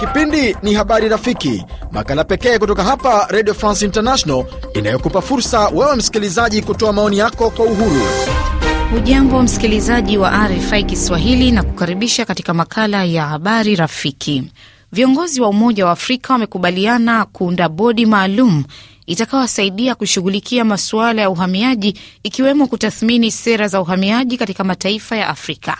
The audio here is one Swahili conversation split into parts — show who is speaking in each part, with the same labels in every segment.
Speaker 1: Kipindi ni Habari Rafiki, makala pekee kutoka hapa Radio France International inayokupa fursa wewe msikilizaji kutoa maoni yako kwa uhuru.
Speaker 2: wa msikilizaji wa RFI Kiswahili na kukaribisha katika makala ya Habari Rafiki. Viongozi wa Umoja wa Afrika wamekubaliana kuunda bodi maalum itakayowasaidia kushughulikia masuala ya uhamiaji ikiwemo kutathmini sera za uhamiaji katika mataifa ya Afrika.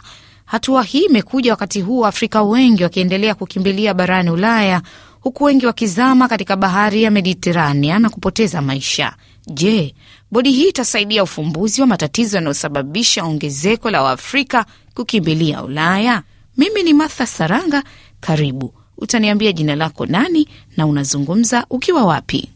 Speaker 2: Hatua hii imekuja wakati huu Waafrika wengi wakiendelea kukimbilia barani Ulaya, huku wengi wakizama katika bahari ya Mediterania na kupoteza maisha. Je, bodi hii itasaidia ufumbuzi wa matatizo yanayosababisha ongezeko la Waafrika kukimbilia Ulaya? Mimi ni Martha Saranga, karibu. Utaniambia jina lako nani na unazungumza ukiwa wapi?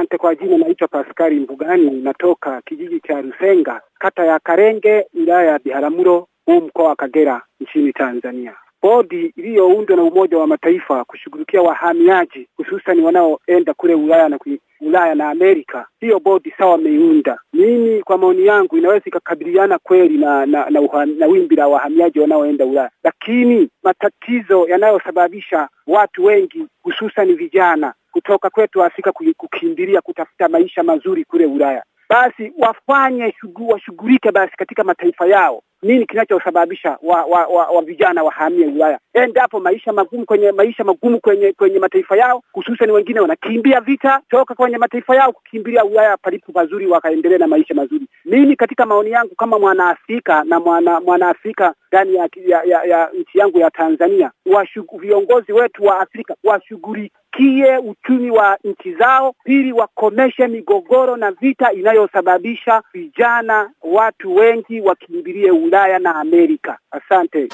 Speaker 1: Asante kwa jina, naitwa Paskari Mbugani, natoka kijiji cha Rusenga, kata ya Karenge, wilaya ya Biharamulo, huu mkoa wa Kagera, nchini Tanzania. Bodi iliyoundwa na Umoja wa Mataifa kushughulikia wahamiaji hususani wanaoenda kule Ulaya na Ulaya na Amerika. Hiyo bodi sawa wameiunda, mimi kwa maoni yangu inaweza ikakabiliana kweli na na, na, uha, na wimbi la wahamiaji wanaoenda Ulaya, lakini matatizo yanayosababisha watu wengi hususan vijana kutoka kwetu Afrika kukimbilia kutafuta maisha mazuri kule Ulaya basi wafanye shugu, washughulike basi katika mataifa yao. Nini kinachosababisha wa, wa, wa, wa vijana wahamie Ulaya endapo maisha magumu kwenye maisha magumu kwenye kwenye mataifa yao, hususani wengine wanakimbia vita toka kwenye mataifa yao kukimbilia Ulaya palipo pazuri, wakaendelea na maisha mazuri. Mimi katika maoni yangu kama mwanaafrika na mwana mwanaafrika ndani ya, ya, ya, ya nchi yangu ya Tanzania, washu, viongozi wetu wa Afrika washughuli wafikie uchumi wa nchi zao. Pili, wakomeshe migogoro na vita inayosababisha vijana watu wengi wakimbilie Ulaya na Amerika. Asante.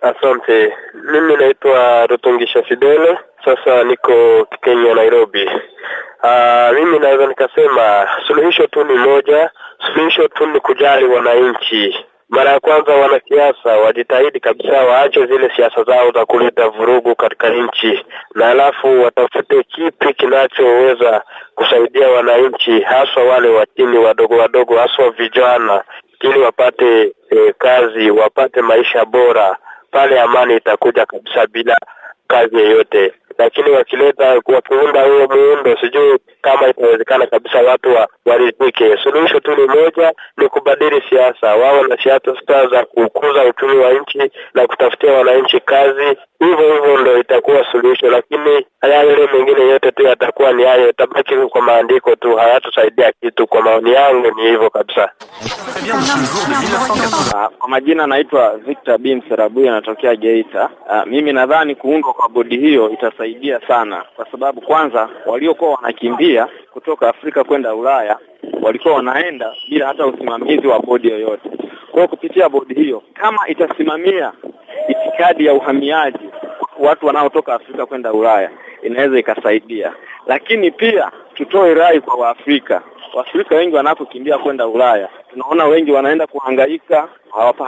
Speaker 3: Asante. Mimi naitwa Rutungisha Fidele, sasa niko Kenya, Nairobi. Aa, ah, mimi naweza nikasema suluhisho tu ni moja, suluhisho tu ni kujali wananchi. Mara ya kwanza wanasiasa wajitahidi kabisa, waache zile siasa zao za kuleta vurugu katika nchi, na alafu watafute kipi kinachoweza kusaidia wananchi, haswa wale wa chini, wadogo wadogo, haswa vijana, ili wapate e, kazi, wapate maisha bora. Pale amani itakuja kabisa bila kazi yoyote, lakini wakileta, wakiunda huo muundo, sijui kama itawezekana kabisa watu wa, waridhike. Suluhisho tu ni moja, ni kubadili siasa, wao na siasa za kukuza uchumi wa nchi na kutafutia wananchi kazi. Hivyo hivyo ndo itakuwa suluhisho, lakini yale mengine yote tu yatakuwa ni hayo, itabaki kwa maandiko tu, hayatusaidia kitu. Kwa maoni yangu ni hivyo kabisa. Ah, kwa majina naitwa Victor B Mserabuye, anatokea Geita. Ah, mimi nadhani kuundwa kwa bodi hiyo itasaidia sana, kwa sababu kwanza waliokuwa wanakimbia abiria kutoka Afrika kwenda Ulaya walikuwa wanaenda bila hata usimamizi wa bodi yoyote. Kwa hiyo kupitia bodi hiyo, kama itasimamia itikadi ya uhamiaji watu wanaotoka Afrika kwenda Ulaya, inaweza ikasaidia. Lakini pia tutoe rai kwa Waafrika. Waafrika wengi wanapokimbia kwenda Ulaya, tunaona wengi wanaenda kuhangaika,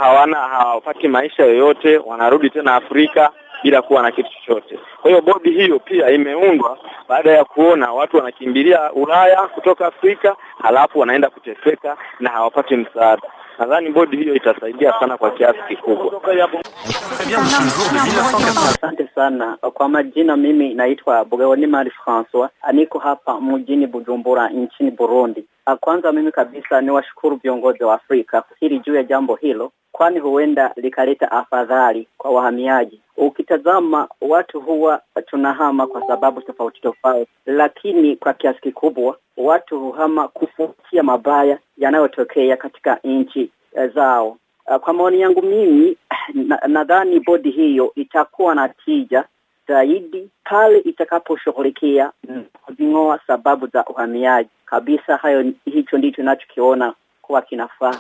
Speaker 3: hawana hawapati maisha yoyote, wanarudi tena Afrika bila kuwa na kitu chochote. Kwa hiyo bodi hiyo pia imeundwa baada ya kuona watu wanakimbilia Ulaya kutoka Afrika, halafu wanaenda kuteseka na hawapati msaada. Nadhani bodi hiyo itasaidia sana kwa kiasi kikubwa. Asante sana kwa majina, mimi naitwa Bugawoni Mari Francois, niko hapa mjini Bujumbura nchini Burundi. Ah, kwanza mimi kabisa ni washukuru viongozi wa Afrika hili juu ya jambo hilo, kwani huenda likaleta afadhali kwa wahamiaji Ukitazama watu huwa tunahama kwa sababu tofauti tofauti, lakini kwa kiasi kikubwa watu huhama kufuatia mabaya yanayotokea katika nchi eh, zao. Eh, kwa maoni yangu mimi, nadhani na bodi hiyo itakuwa na tija zaidi pale itakaposhughulikia mm, kuzing'oa sababu za uhamiaji kabisa. Hayo, hicho ndicho inachokiona
Speaker 1: kuwa kinafaa.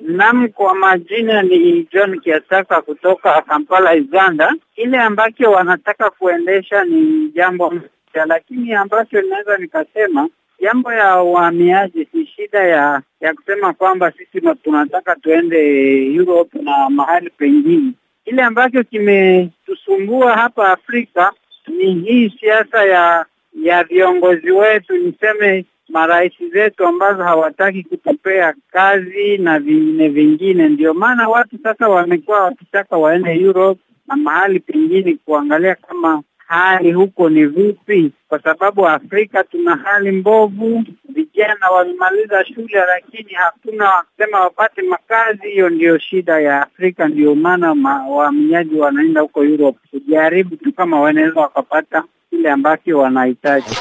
Speaker 1: Naam, kwa majina ni John Kiataka kutoka Kampala, Uganda. Kile ambacho wanataka kuendesha ni jambo mpya, lakini ambacho inaweza nikasema jambo ya uhamiaji si shida ya ya kusema kwamba sisi tunataka tuende Europe na mahali pengine. Kile ambacho kimetusumbua hapa Afrika ni hii siasa ya ya viongozi wetu, niseme marais zetu ambazo hawataki kutupea kazi na vingine vingine. Ndio maana watu sasa wamekuwa wakitaka waende Europe na mahali pengine kuangalia kama hali huko ni vipi, kwa sababu Afrika tuna hali mbovu. Vijana wamemaliza shule, lakini hakuna sema wapate makazi. Hiyo ndio shida ya Afrika, ndio maana ma, wahamiaji wanaenda huko Europe kujaribu tu kama wanaweza wakapata kile ambacho wanahitaji.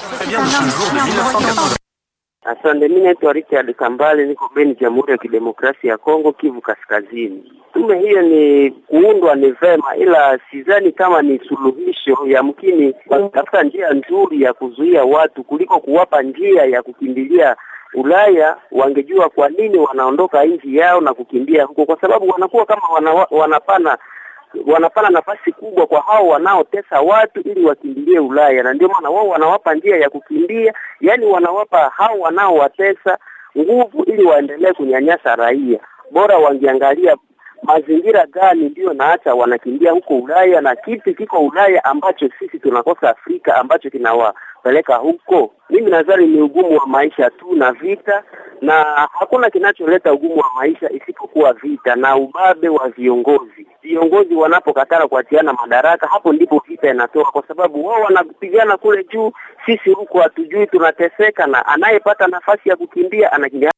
Speaker 3: Asante, mimi naitwa Richard Kambale, niko Beni, Jamhuri ya Kidemokrasia ya Kongo, Kivu Kaskazini. Tume hiyo ni kuundwa ni vema, ila sidhani kama ni suluhisho ya mkini, kutafuta njia nzuri ya kuzuia watu kuliko kuwapa njia ya kukimbilia Ulaya. Wangejua kwa nini wanaondoka nchi yao na kukimbia huko, kwa sababu wanakuwa kama wana, wanapana wanapana nafasi kubwa kwa hao wanaotesa watu ili wakimbilie Ulaya, na ndio maana wao wanawapa njia ya kukimbia, yaani wanawapa hao wanaowatesa nguvu ili waendelee kunyanyasa raia. Bora wangeangalia mazingira gani ndiyo naacha wanakimbia huko Ulaya na kipi kiko Ulaya ambacho sisi tunakosa Afrika ambacho kinawa kupeleka huko. Mimi nadhani ni ugumu wa maisha tu na vita, na hakuna kinacholeta ugumu wa maisha isipokuwa vita na ubabe wa viongozi. Viongozi wanapokatara kuachiana madaraka, hapo ndipo vita inatoka, kwa sababu wao wanapigana kule juu, sisi huko hatujui, tunateseka, na anayepata nafasi ya
Speaker 4: kukimbia anakimbia.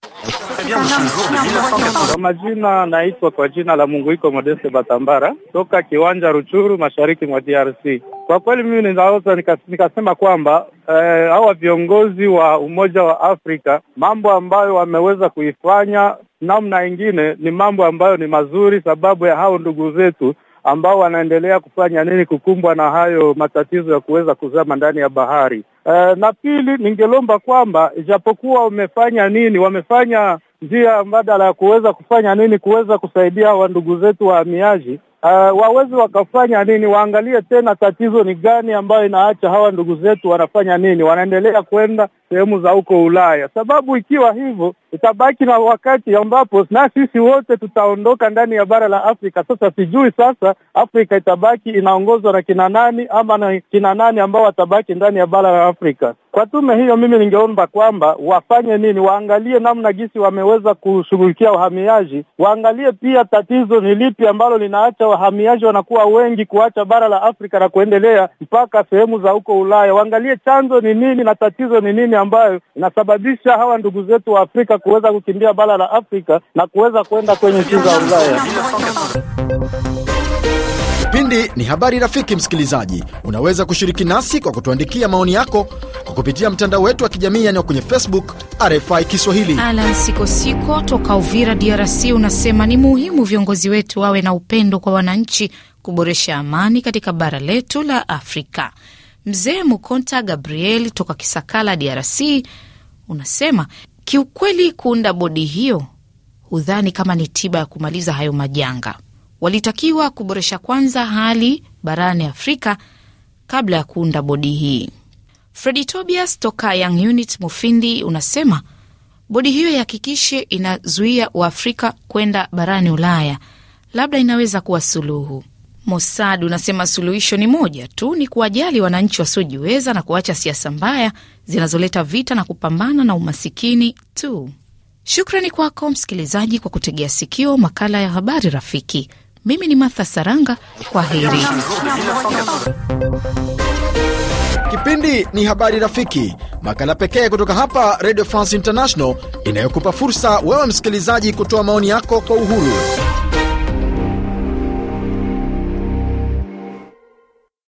Speaker 4: Kwa majina naitwa kwa jina la Munguiko Modeste Batambara toka kiwanja Ruchuru, mashariki mwa DRC. Kwa kweli mimi ninaweza nikasema kwamba eh, hawa viongozi wa Umoja wa Afrika mambo ambayo wameweza kuifanya namna ingine ni mambo ambayo ni mazuri, sababu ya hao ndugu zetu ambao wanaendelea kufanya nini kukumbwa na hayo matatizo ya kuweza kuzama ndani ya bahari. Uh, na pili, ningelomba kwamba ijapokuwa wamefanya nini, wamefanya njia mbadala ya kuweza kufanya nini kuweza kusaidia wa ndugu zetu wahamiaji uh, eh, wawezi wakafanya nini, waangalie tena tatizo ni gani ambayo inaacha hawa ndugu zetu wanafanya nini, wanaendelea kwenda sehemu za huko Ulaya, sababu ikiwa hivyo itabaki na wakati ambapo na sisi wote tutaondoka ndani ya bara la Afrika. Sasa sijui sasa Afrika itabaki inaongozwa na kina nani ama na kina nani ambao watabaki ndani ya bara la Afrika. Kwa tume hiyo, mimi ningeomba kwamba wafanye nini, waangalie namna gisi wameweza kushughulikia wahamiaji, waangalie pia tatizo ni lipi ambalo linaacha wahamiaji wanakuwa wengi kuacha bara la Afrika na kuendelea mpaka sehemu za huko Ulaya, waangalie chanzo ni nini na tatizo ni nini ambayo inasababisha hawa ndugu zetu wa Afrika kuweza kukimbia bara la Afrika na kuweza kwenda kwenye nchi za Ulaya.
Speaker 1: Kipindi ni habari rafiki. Msikilizaji, unaweza kushiriki nasi kwa kutuandikia maoni yako kwa kupitia mtandao wetu wa kijamii yani kwenye Facebook RFI
Speaker 2: Kiswahili. Alan Sikosiko toka Uvira, DRC, unasema ni muhimu viongozi wetu wawe na upendo kwa wananchi, kuboresha amani katika bara letu la Afrika. Mzee Mukonta Gabriel toka Kisakala, DRC, unasema kiukweli, kuunda bodi hiyo hudhani kama ni tiba ya kumaliza hayo majanga. Walitakiwa kuboresha kwanza hali barani Afrika kabla ya kuunda bodi hii. Fredi Tobias toka Young Unit Mufindi unasema bodi hiyo ihakikishe inazuia Waafrika kwenda barani Ulaya, labda inaweza kuwa suluhu. Mossad unasema suluhisho ni moja tu, ni kuwajali wananchi wasiojiweza na kuacha siasa mbaya zinazoleta vita na kupambana na umasikini tu. Shukrani kwako msikilizaji kwa kutegea sikio makala ya habari rafiki. Mimi ni Martha Saranga, kwa heri.
Speaker 1: Kipindi ni Habari Rafiki, makala pekee kutoka hapa Radio France International inayokupa fursa wewe msikilizaji kutoa maoni yako kwa uhuru.